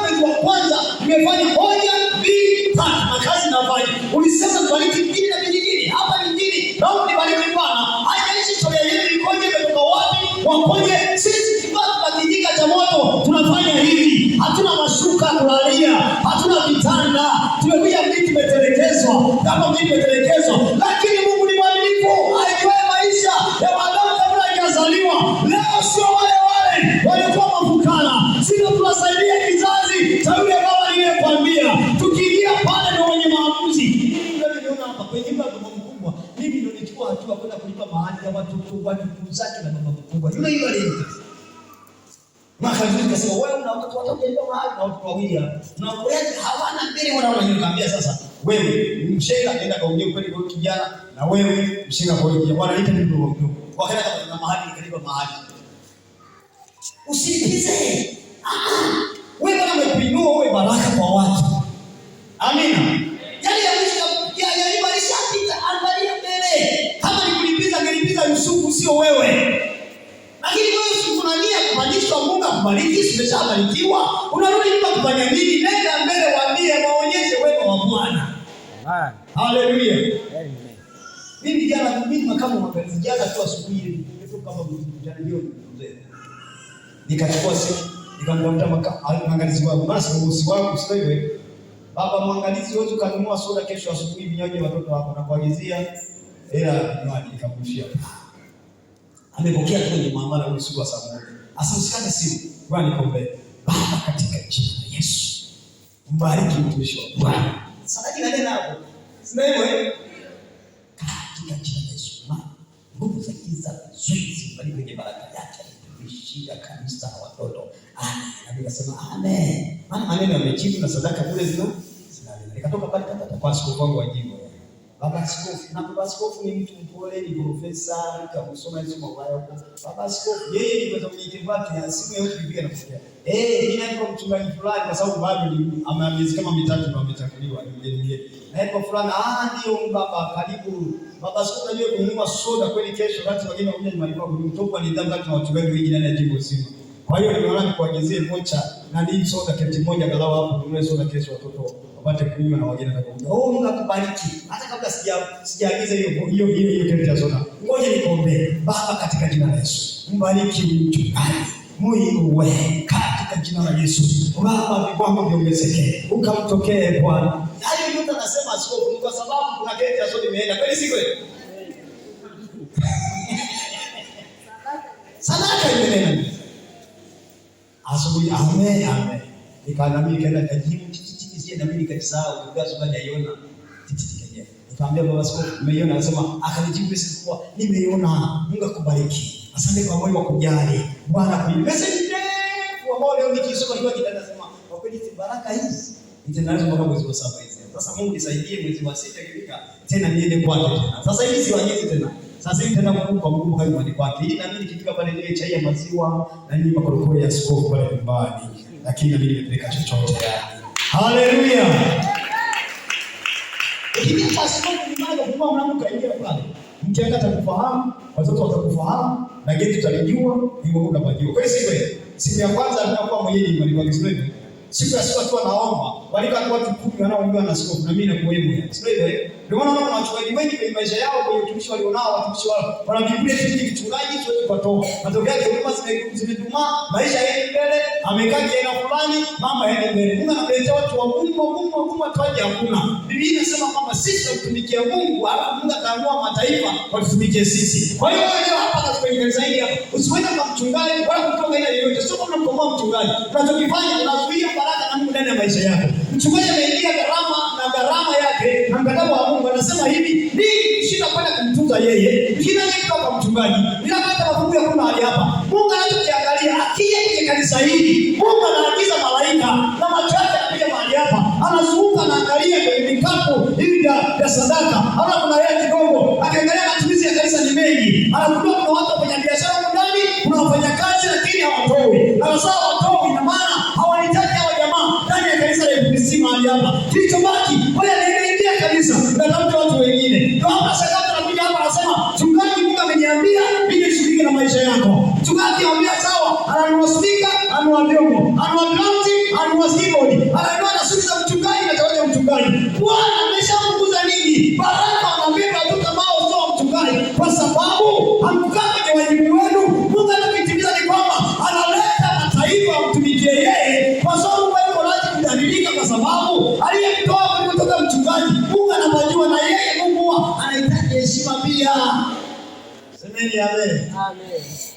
mwezi wa kwanza nimefanya moja, mbili, tatu na kazi na nafanya. Ulisema nibariki mjini na vijijini, hapa ni mjini, naomba nibariki Bwana. Haijalishi historia yetu ikoje, imetoka wapi, wakoje, sisi kibaki katika cha moto tunafanya hivi. Hatuna mashuka kulalia, hatuna vitanda, tumekuja mimi tumetelekezwa, kama mimi tumetelekezwa, lakini mkubwa, ndugu zake na mama mkubwa, yule yule aliyemtesa. Mwaka kasema wewe una watoto watakuja mahali na watoto wawili hapa. Na kweli hawana mbele wanaona nikamwambia sasa wewe mshenga nenda kaongee kweli kwa kijana na wewe mshenga kwa kijana. Bwana nipe ndugu wangu. Wakaenda kwa mahali karibu mahali. Usilipize. Ah, ah, wewe kama umepinua wewe baraka kwa watu. Amina. unalia kupandishwa, Mungu akubariki, simeshabarikiwa, unarudi nyuma kufanya nini? Nenda mbele, waambie, waonyeshe wema wa Bwana. Haleluya. Mimi jana, mimi makamu mapenzi jana tu asubuhi ile kama mjana leo mzee, nikachukua simu nikamwambia mwangalizi wangu, basi bosi wangu, sio wewe baba mwangalizi, wewe ukanunua soda kesho asubuhi, vinywaji watoto wako, nakuagizia hela, nikamwishia amepokea kwenye maamala huyu siku ya saa Asimsikane Sasa usikate simu, Bwana nikuombe. Baba, katika jina la Yesu, mbariki mtumishi wa Bwana. Sasa jina lena hapo, sina eh? katika jina la Yesu, ma nguvu za giza zuizi, bali kwenye baraka yake mtumishi ya kanisa na watoto. Amen, nasema amen, maana maneno yamejibu na sadaka bure zino zinaweza nikatoka pale kwa askofu wangu wa jimbo Baba Askofu na Baba Askofu ni mtu mpole, ni profesa kakusoma hizo mambo yako. Baba Askofu yeye ni kwa mjike wake na simu yake kipiga na kufikia. Eh, mimi niko mchungaji fulani kwa sababu bado ni ama miezi kama mitatu ndio amechakuliwa nje nje. Na yeye fulani ah, ndio baba karibu. Baba Askofu anajua kununua soda kweli kesho wakati wengine wanakuja nyumbani kwako. Mtoto ni dhambi kwa watu wengi wengine anajibu simu. Kwa hiyo nimeona nikuagizie vocha na ndio soda kiti moja galau hapo tununue soda kesho watoto wapate kunywa na wageni watakuja. Oh, Mungu akubariki. Hata kabla sija sijaagiza hiyo hiyo hiyo hiyo kiti ya soda. Ngoja nikombe Baba, katika jina la Yesu. Mbariki mtu. Muiwe katika jina la Yesu. Baba, viwango viongezeke. Ukamtokee Bwana. Hayo yaani mtu anasema sio kwa sababu kuna kiti ya soda imeenda. Kweli si kweli? asubuhi ame ame, nikaanamini kaenda kajibu chichichi, na mimi nikasahau kupiga sababu naiona chichichi kenye, nikamwambia baba askofu, nimeiona. Anasema akanijibu sisi kwa nimeiona, Mungu akubariki, asante kwa moyo wa kujali Bwana. Kwa message ndefu ambao leo nikisoma hiyo kitu anasema kwa kweli, si baraka hizi nitaanza mpaka mwezi wa saba hizi. Sasa Mungu nisaidie mwezi wa sita kifika tena niende kwake tena. Sasa hivi siwajibu tena sasa hivi tena kwa kukumbuka hiyo ni kwake. Ili na mimi nikifika pale nile chai ya maziwa na nyinyi makorokoro ya skofu pale nyumbani. Lakini na mimi nimepeleka chochote yani. Haleluya. Lakini hata skofu ni mada kwa mwanamke kaingia pale. Mke atakufahamu, watoto watakufahamu, na geti tutalijua, ni hivyo unapajua. Kwa hiyo sisi siku ya kwanza tunakuwa mwenyeji mwalimu wa Kiswahili. Siku ya siku akiwa naomba, walikuwa watu kumi wanaoambiwa na siku na mimi na kuwemo. ya sasa. Ndio maana watu wengi wengi kwenye maisha yao, kwenye utumishi walionao, watumishi wao, wanakimbia kitu kingi, kichungaji kupatoa. Matokeo yake huduma zimedumaa, maisha yaende mbele, amekaa jela fulani, mama yaende mbele. Mungu analetea watu wa Mungu, Mungu Mungu hakuna. Biblia inasema kwamba sisi tutumikie Mungu, alafu Mungu ataamua mataifa watutumikie sisi. Kwa hiyo leo hapa tunapenda zaidi hapo. Usiwende kwa mchungaji wala kutoka ile yote. Sio kama mchungaji. Tunachokifanya tunazuia baraka na Mungu ndani ya maisha yako. Mchungaji mahali hapa. Mungu anachokiangalia akija kwenye kanisa hili, Mungu anaagiza malaika na machache kuja mahali hapa, anazunguka anaangalia kwenye vikapu hivi vya sadaka, ana kuna yeye kidogo, akiangalia matumizi ya kanisa ni mengi, anakuta kuna watu wafanya biashara ndani, kuna wafanyakazi lakini hawatoi, anasema hawatoi, ina maana hawahitaji hawa jamaa ndani ya kanisa la FBC mahali hapa. Kilichobaki wale anayeingia kanisa na watu wengine, ndio hapa sakata anakuja hapa anasema maisha yako. Mchungaji anambia sawa, ananunua spika, ananunua vyombo, ananunua plati, ananunua keyboard, ananunua na suti za mchungaji na chawaja mchungaji. Bwana ameshampunguza nini? Baraka anabeba tu kama usio mchungaji, kwa sababu hamkukaa kwenye wajibu wenu. Mungu anakitimiza ni kwamba analeta mataifa mtumikie yeye, kwa sababu wewe unaweza kudadilika kwa sababu aliyemtoa kutoka mchungaji, Mungu anapajua na yeye Mungu anahitaji heshima pia. Amen Amén.